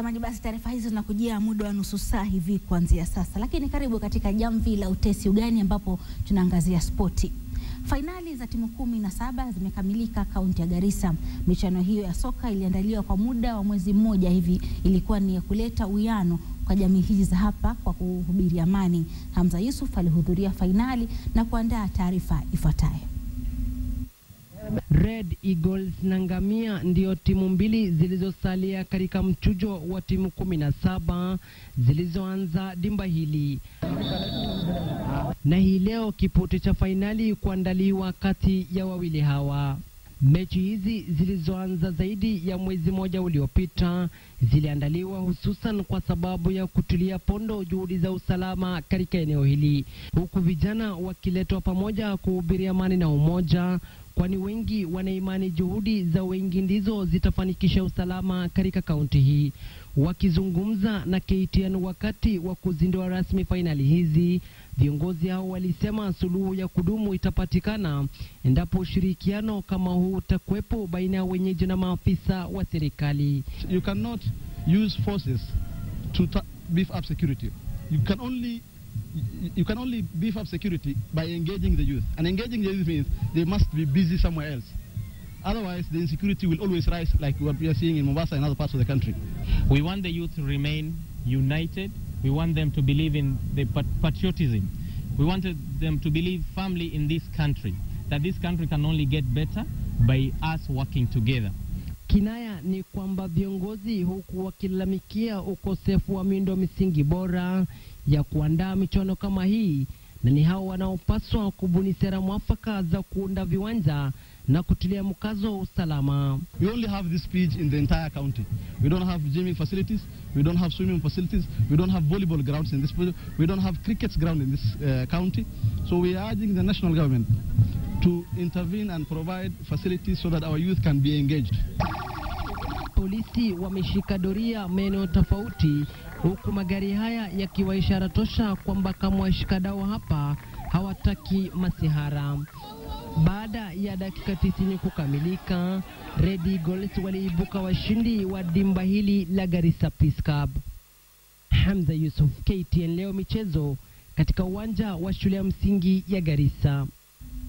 Mtazamaji, basi taarifa hizo zinakujia muda wa nusu saa hivi kuanzia sasa, lakini karibu katika jamvi la utesi ugani, ambapo tunaangazia spoti. Fainali za timu kumi na saba zimekamilika kaunti ya Garissa. Michuano hiyo ya soka iliandaliwa kwa muda wa mwezi mmoja hivi, ilikuwa ni ya kuleta uwiano kwa jamii hizi za hapa kwa kuhubiri amani. Hamza Yusuf alihudhuria fainali na kuandaa taarifa ifuatayo. Red Eagles na Ngamia ndio timu mbili zilizosalia katika mchujo wa timu kumi na saba zilizoanza dimba hili, na hii leo kipote cha fainali kuandaliwa kati ya wawili hawa. Mechi hizi zilizoanza zaidi ya mwezi mmoja uliopita ziliandaliwa hususan kwa sababu ya kutulia pondo juhudi za usalama katika eneo hili, huku vijana wakiletwa pamoja kuhubiri amani na umoja kwani wengi wanaimani juhudi za wengi ndizo zitafanikisha usalama katika kaunti hii. Wakizungumza na KTN wakati wa kuzindua rasmi fainali hizi, viongozi hao walisema suluhu ya kudumu itapatikana endapo ushirikiano kama huu utakuwepo baina ya wenyeji na maafisa wa serikali. You cannot use forces to beef up security. You can only you can only beef up security by engaging the youth. And engaging the youth means they must be busy somewhere else. Otherwise, the insecurity will always rise like what we are seeing in Mombasa and other parts of the country. We want the youth to remain united. We want them to believe in the patriotism. We wanted them to believe firmly in this country, that this country can only get better by us working together. Kinaya ni kwamba viongozi huku wakilalamikia ukosefu wa miundo misingi bora ya kuandaa michuano kama hii, na ni hao wanaopaswa kubuni sera mwafaka za kuunda viwanja na kutilia mkazo usalama. We only have this beach in the entire county. We don't have gyming facilities, we don't have swimming facilities, we don't have volleyball grounds in this, we don't have cricket ground in this uh, county. So we are urging the national government to intervene and provide facilities so that our youth can be engaged. polisi wameshika doria maeneo tofauti, huku magari haya yakiwa ishara tosha kwamba kama washikadau hapa hawataki masihara. Baada ya dakika tisini kukamilika, Red Eagles waliibuka washindi wa dimba hili la Garissa Peace Cup. Hamza Yusuf, KTN Leo Michezo, katika uwanja wa shule ya msingi ya Garissa.